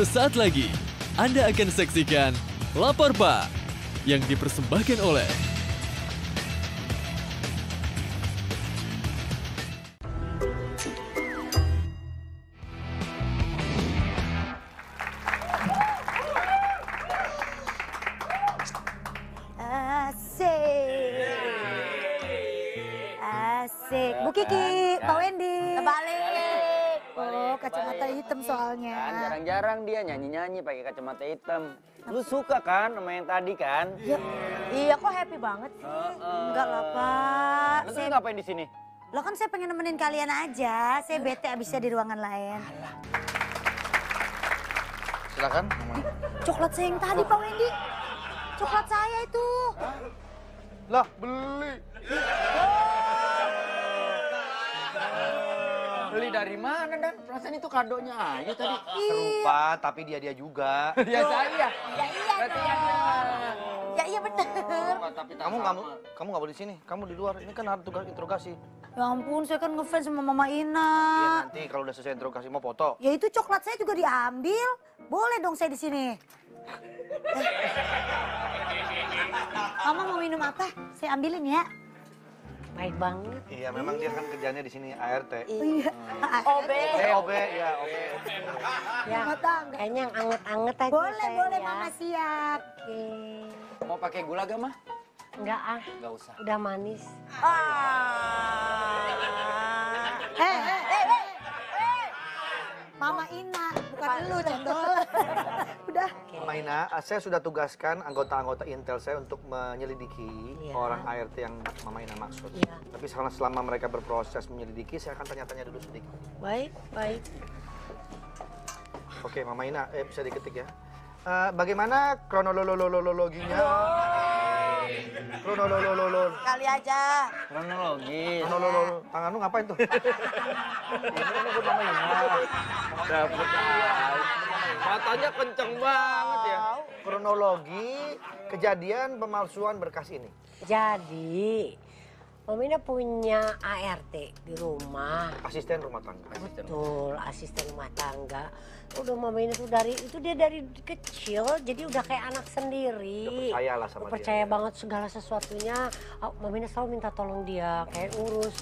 Sesaat lagi, Anda akan saksikan Lapor Pak yang dipersembahkan oleh Asik. Asik. Bu Kiki, Pak Wendy. Kembali. Oh, kacamata hitam soalnya. Kan, jarang-jarang dia nyanyi-nyanyi pakai kacamata hitam. Lu suka kan sama yang tadi kan? Iya. Iya, kok happy banget sih? Uh, uh. Enggak lah, Pak. Lu saya... ngapain di sini? Lo kan saya pengen nemenin kalian aja. Saya bete abisnya di ruangan lain. Alah. Silakan. Coklat saya yang tadi, Pak Wendy. Coklat saya itu. Hah? Lah, beli. Yeah. Oh. Beli dari mana dan perasaan itu kadonya Ayu tadi. Serupa tapi dia dia juga. ya saya. Ya, ya iya dong. Ya iya bener. Tapi kamu kamu kamu nggak boleh di sini. Kamu di luar. Ini kan harus tugas interogasi. Ya ampun, saya kan ngefans sama Mama Ina. Iya nanti kalau udah selesai interogasi mau foto. Ya itu coklat saya juga diambil. Boleh dong saya di sini. Eh. Mama mau minum apa? Saya ambilin ya baik banget. Iya, memang iya. dia kan kerjanya di sini ART. Iya. Hmm. OB. OB, ya OB. Ya, kayaknya yang anget-anget aja Boleh, boleh ya. Mama siap. Oke. Okay. Mau pakai gula gak, ma Enggak ah. Enggak usah. Udah manis. Ah. Eh, eh, eh, eh. eh Mama Ina, bukan lu cendol. Udah. Maina, eh, saya sudah tugaskan anggota-anggota Intel saya untuk menyelidiki ya. orang ART yang Mama Ina maksud. Ya. Tapi selama, selama mereka berproses menyelidiki, saya akan tanya-tanya dulu sedikit. Baik, baik. Oke, Mama Ina, eh, bisa diketik ya. Uh, bagaimana kronologinya? Oh. Kali aja. kronologi, Lu Tangan lu ngapain tuh? Matanya kenceng banget ya. Kronologi kejadian pemalsuan berkas ini. Jadi, Omina punya ART di rumah. Asisten rumah tangga. Betul, asisten rumah tangga. Udah Mamina tuh dari itu dia dari kecil jadi udah kayak anak sendiri. Udah percaya lah sama udah percaya ya. banget segala sesuatunya. Oh, Mamina selalu minta tolong dia kayak urus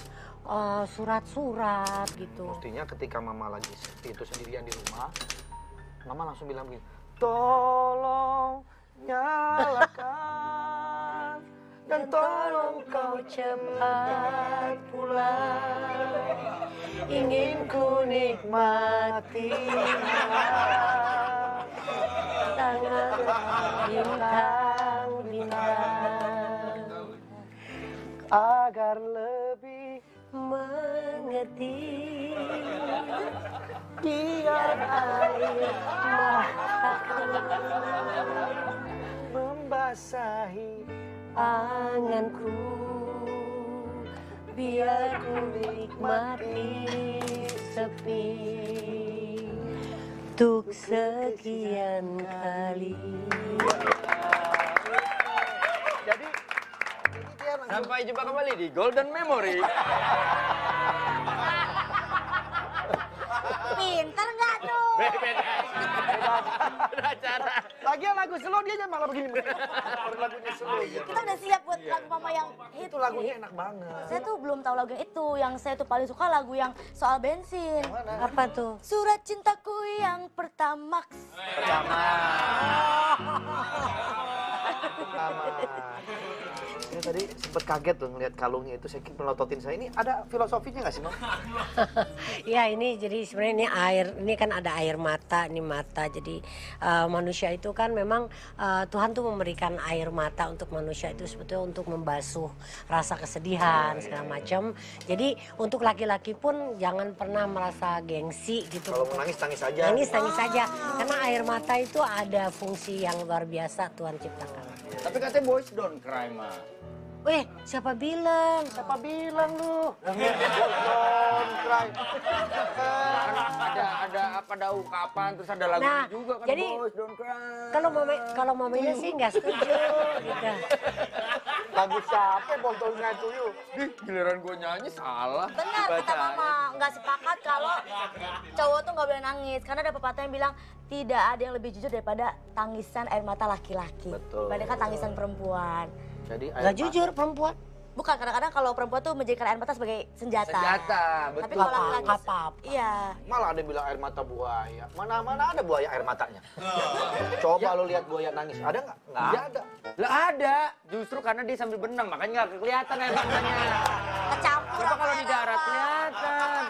eh, surat-surat uh, gitu. Mestinya ketika mama lagi itu sendirian di rumah, mama langsung bilang begini, tolong nyalakan tolong kau cepat pulang Ingin ku nikmati Tangan bintang-bintang Agar lebih mengerti Biar air mataku Membasahi anganku biar ku nikmati sepi tuk sekian kali jadi sampai jumpa kembali di Golden Memory pinter nggak tuh beda beda cara Lagian lagu slow dia malah begini. Kita iya, udah siap buat iya, lagu mama yang hit. Itu lagunya enak banget. Saya tuh belum tahu lagu itu. Yang saya tuh paling suka lagu yang soal bensin. Apa tuh? Surat cintaku yang pertama. Pertama. Pertama saya tadi sempat kaget tuh ngelihat kalungnya itu saya melototin saya ini ada filosofinya nggak sih Mam? ya ini jadi sebenarnya ini air ini kan ada air mata ini mata jadi uh, manusia itu kan memang uh, Tuhan tuh memberikan air mata untuk manusia itu sebetulnya untuk membasuh rasa kesedihan iya, iya, segala iya. macam jadi untuk laki-laki pun jangan pernah merasa gengsi gitu kalau menangis tangis saja aja nangis tangis saja karena air mata itu ada fungsi yang luar biasa Tuhan ciptakan. Tapi katanya boys don't cry mah. Eh, siapa bilang? Siapa bilang lu? ada ada apa ada ungkapan terus ada lagu nah, juga kan jadi, bos don't cry. Kalau mama kalau mamanya sih nggak setuju gitu. Lagu siapa bos itu yuk? tuyu? giliran gue nyanyi salah. Benar kata mama nggak sepakat kalau cowok tuh nggak boleh nangis karena ada pepatah yang bilang tidak ada yang lebih jujur daripada tangisan air mata laki-laki. Betul. Dibandingkan tangisan perempuan. Jadi nggak jujur perempuan. Bukan kadang-kadang kalau perempuan tuh menjadikan air mata sebagai senjata. Senjata, betul. Tapi kalau laki-laki apa, Iya. Malah ada bilang air mata buaya. Mana mana ada buaya air matanya. Oh. Coba ya. lo lihat buaya nangis, ada nggak? Nggak ya. ada. Lah ada, justru karena dia sambil berenang makanya nggak kelihatan air matanya. Kecampur. Coba kalau di darat kelihatan.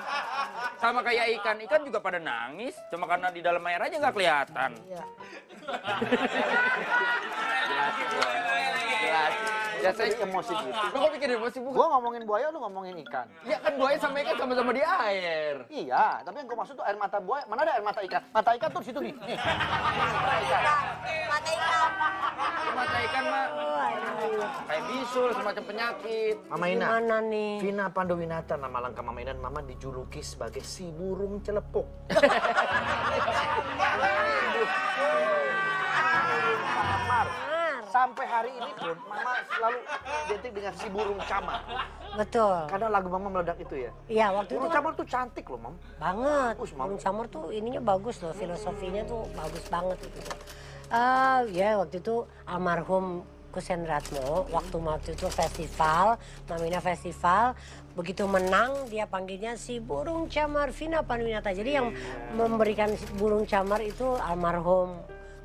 Sama kayak ikan, ikan juga pada nangis, cuma karena di dalam air aja nggak kelihatan. Iya ya saya emosi gitu lu kok bikin emosi bukan gua ngomongin buaya lu ngomongin ikan iya kan buaya sama ikan sama-sama di air iya tapi yang gua maksud tuh air mata buaya mana ada air mata ikan mata ikan tuh di situ nih mata ikan mata ikan mata ikan mah kayak bisul semacam penyakit Mama Ina mana nih Vina Pandowinata nama lengkap Mama Ina Mama dijuluki sebagai si burung celepuk sampai hari ini pun mama selalu identik dengan si burung camar. Betul. Karena lagu mama meledak itu ya. Iya waktu burung itu. camar tuh cantik loh mam. Banget. Bagus, mam. Burung camar tuh ininya bagus loh filosofinya tuh bagus banget gitu. Uh, ya waktu itu almarhum Kusendratmo hmm. waktu waktu itu festival Mamina Festival begitu menang dia panggilnya si burung camar Vina Panwinata jadi yang iya. memberikan burung camar itu almarhum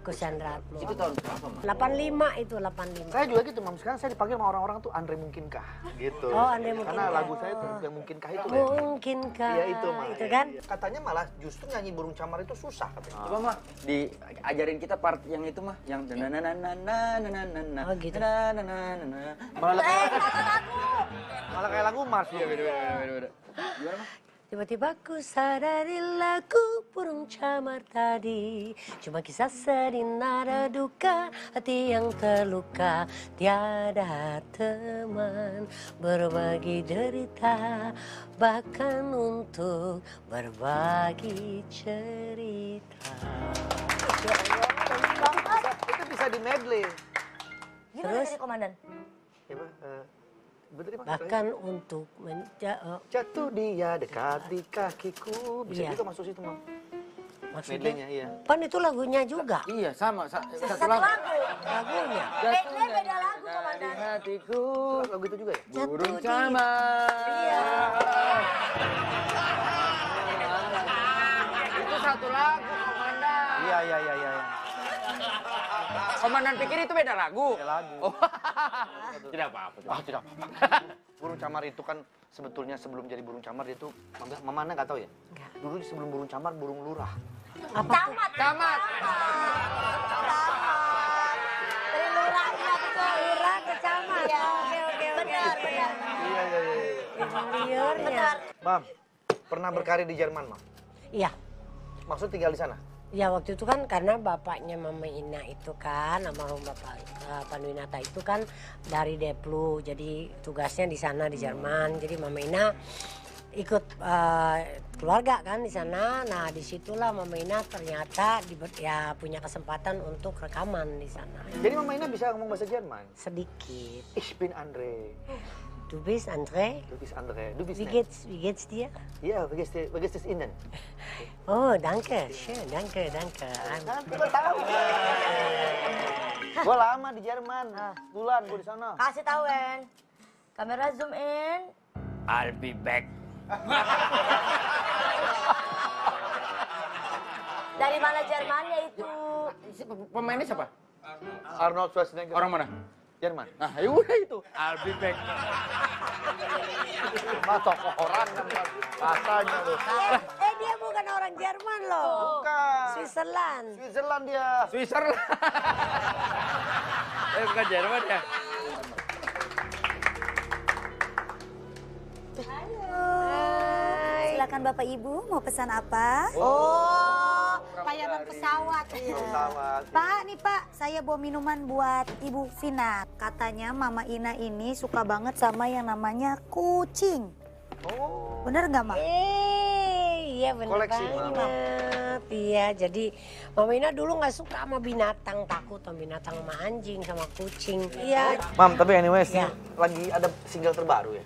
Kusyanratmo. Itu tahun berapa, Mam? 85 itu 85. Saya juga gitu, Mam. Sekarang saya dipanggil sama orang-orang tuh Andre Mungkinkah. Gitu. Oh, Andre Mungkinkah. Karena lagu saya tuh Andre Mungkinkah itu. Mungkinkah. Iya, itu, Mam. Itu kan? Katanya malah justru nyanyi burung camar itu susah katanya. Coba, Mah, diajarin kita part yang itu, Mah, yang na na na na na na na na. Oh, gitu. Na na na na na. Malah eh, kayak lagu. Malah kayak lagu Mars. Iya, beda-beda. Gimana, Mah? Tiba-tiba ku sadari lagu burung camar tadi Cuma kisah sedih nada duka Hati yang terluka Tiada teman berbagi derita Bahkan untuk berbagi cerita Itu bisa di medley Gimana Terus, tadi komandan? Gimana? Ya, bahkan untuk menja eh, jatuh dia dekat di kakiku bisa iya. juga gitu masuk situ mam maksudnya Medlenya, iya. pan itu lagunya juga iya sama sa satu lagu. lagu lagunya beda lagu komandan di hatiku lagu itu juga ya jatuh burung sama iya. itu satu lagu komandan iya, iya iya iya iya komandan pikir itu beda lagu beda lagu oh. tidak apa-apa. Ah, tidak apa-apa. burung camar itu kan sebetulnya sebelum jadi burung camar dia itu mama nggak tahu ya? Enggak. Dulu sebelum burung camar burung lurah. Apa? Camat. Camat. Camat. lurahnya ke lurah ke camat. Ya, oke oke Benar benar. Iya iya iya. iya, iya, iya benar. Mam, pernah berkarir di Jerman, Mam? Iya. Maksud tinggal di sana? Ya waktu itu kan karena bapaknya Mama Ina itu kan, almarhum bapak uh, Inata itu kan dari Deplu, jadi tugasnya di sana di Jerman. Hmm. Jadi Mama Ina ikut uh, keluarga kan di sana. Nah disitulah Mama Ina ternyata di, ya punya kesempatan untuk rekaman di sana. Jadi Mama Ina bisa ngomong bahasa Jerman? Sedikit. Ich Andre. Eh. Du bist André. Du bist André. Du bist wie, geht's, wie geht's dir? Ja, wie geht's, dir, wie geht's Ihnen? Oh, danke. Schön, danke, danke. Gue tahu. Gue lama di Jerman. Ah, Bulan gue di sana. Kasih tau, En. Kamera zoom in. I'll be back. Dari mana Jermannya itu? Pemainnya siapa? Arnold Schwarzenegger. Orang mana? Jerman. Nah, ya udah itu. I'll be back. Mas toko orang rasanya loh. eh, eh dia bukan orang Jerman loh. Bukan. Switzerland. Switzerland dia. Switzerland. eh bukan Jerman ya. Halo. Hai. Silakan Bapak Ibu mau pesan apa? Oh pesawat. Iya. iya. pesawat. Pak, nih Pak, saya bawa minuman buat Ibu Vina. Katanya Mama Ina ini suka banget sama yang namanya kucing. Oh. Bener nggak, Ma? Eh, iya, bener Koleksi banget. Iya, jadi Mama Ina dulu nggak suka sama binatang, takut sama binatang, sama anjing, sama kucing. Iya. Mam, tapi anyway, ya. lagi ada single terbaru ya?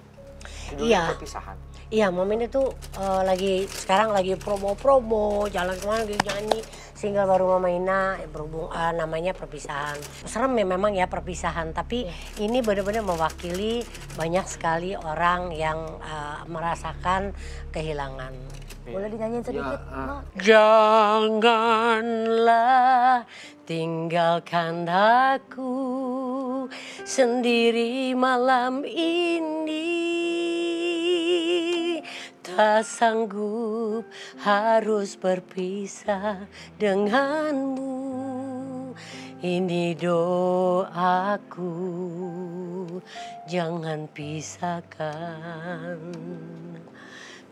iya. Perpisahan. Iya, Mama Ina tuh uh, lagi sekarang lagi promo-promo, jalan kemana gitu nyanyi single baru Mama Ina berhubung uh, namanya perpisahan. Serem ya memang ya perpisahan, tapi yeah. ini benar-benar mewakili banyak sekali orang yang uh, merasakan kehilangan. Yeah. Boleh dinyanyiin sedikit? Yeah. Ya, no? Janganlah tinggalkan aku sendiri malam ini tak sanggup harus berpisah denganmu Ini doaku jangan pisahkan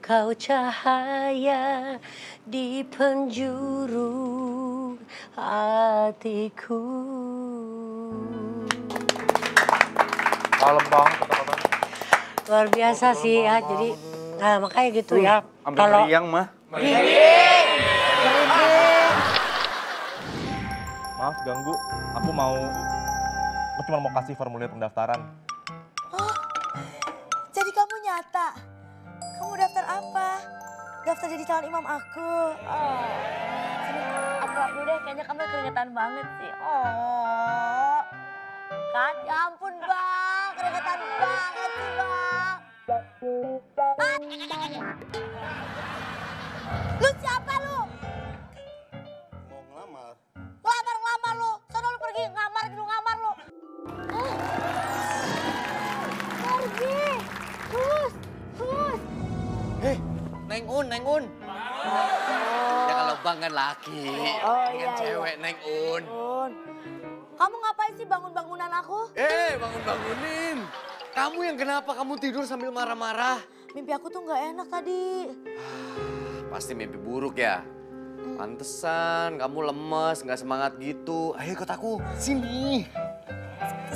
Kau cahaya di penjuru hatiku Malam banget teman luar biasa sih ya jadi Nah makanya gitu ya. Kalau yang mah. Maaf ganggu, aku mau, aku cuma mau kasih formulir pendaftaran. Oh, jadi kamu nyata. Kamu daftar apa? Daftar jadi calon imam aku. Oh, Aku aku deh, kayaknya kamu keringetan banget sih. Oh, kan? Ya ampun bang, keringetan banget sih bang. Lu siapa lu? Mau ngelamar. Ngelamar ngelamar lu. Sana lu pergi ngamar dulu ngamar lu. Eh. Pergi. hus, hus. Eh, Neng Un, Neng Un. Ya kalau Bang kan laki, oh, kan iya, iya, cewek iya. Neng Un. Kamu ngapain sih bangun-bangunan aku? Eh, bangun-bangunin. Kamu yang kenapa kamu tidur sambil marah-marah? Mimpi aku tuh nggak enak tadi. Ah, pasti mimpi buruk ya. Pantesan kamu lemes, nggak semangat gitu. Ayo ikut aku, sini.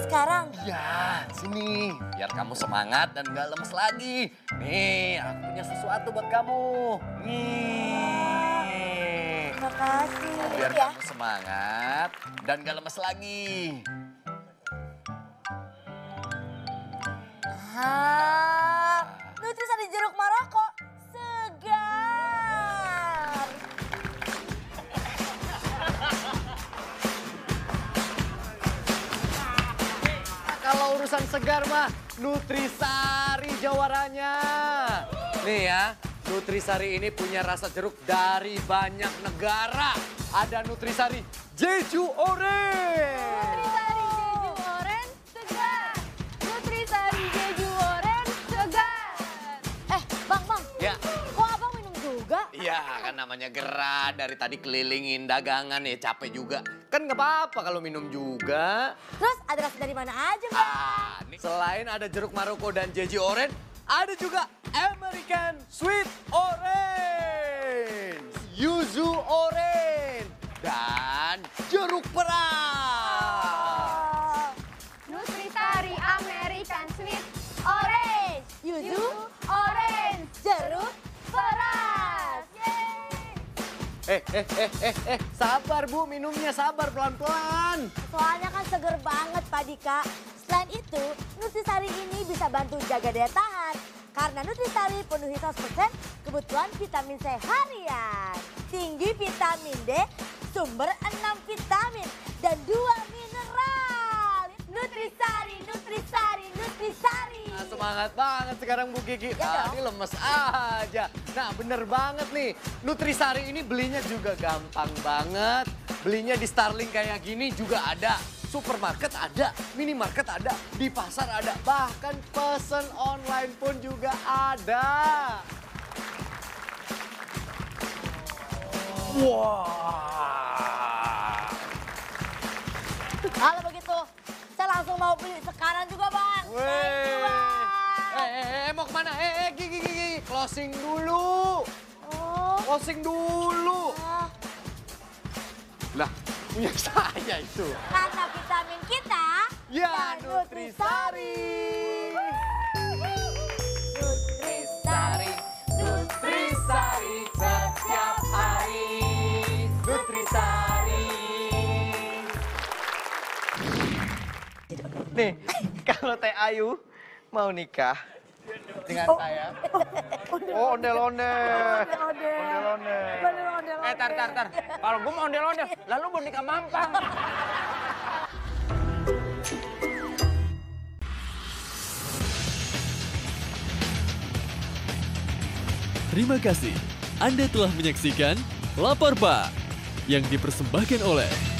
Sekarang? Ya, sini. Biar kamu semangat dan nggak lemes lagi. Nih, aku punya sesuatu buat kamu. Nih. Terima kasih. Biar ya. kamu semangat dan nggak lemes lagi. Ah, lucu sari jeruk Maroko segar. kalau urusan segar mah Nutrisari jawaranya. Nih ya, Nutrisari ini punya rasa jeruk dari banyak negara. Ada Nutrisari Jeju Orange. Iya, kan namanya gerak dari tadi kelilingin dagangan ya capek juga. Kan nggak apa-apa kalau minum juga. Terus ada rasa dari mana aja, Bang? Ah, nih. Selain ada jeruk Maroko dan jeji orange, ada juga American Sweet Orange, Yuzu Orange, dan jeruk perang. Oh. Nutritari American Sweet Orange, Yuzu Orange, jeruk eh, eh, eh, eh, eh. Sabar, Bu. Minumnya sabar pelan-pelan. Soalnya kan seger banget, Pak Dika. Selain itu, Nutrisari ini bisa bantu jaga daya tahan. Karena Nutrisari penuhi 100% kebutuhan vitamin C harian. Tinggi vitamin D, sumber 6 vitamin, dan 2 semangat banget sekarang Bu Gigi. Ya, Tadi ya. ah, lemes aja. Nah bener banget nih, Nutrisari ini belinya juga gampang banget. Belinya di Starling kayak gini juga ada. Supermarket ada, minimarket ada, di pasar ada, bahkan pesen online pun juga ada. Wah. Wow. Kalau begitu, saya langsung mau beli sekarang juga, Bang. Wey. Thank you, Bang. Eh, eh, eh, eh, mau kemana? Eh, eh, gigi, gigi. Closing dulu. Oh. Closing dulu. Oh. Lah, punya saya itu. Karena vitamin kita. Ya, ya Nutrisari. Nutrisari, Nutrisari setiap hari. Nutrisari. Nih, kalau Teh Ayu mau nikah dengan oh. saya. Oh, ondel-ondel. Ondel-ondel. Eh, tar, tar, tar. Kalau gue mau ondel-ondel, lalu mau nikah mampang. Terima kasih. Anda telah menyaksikan Lapor Pak yang dipersembahkan oleh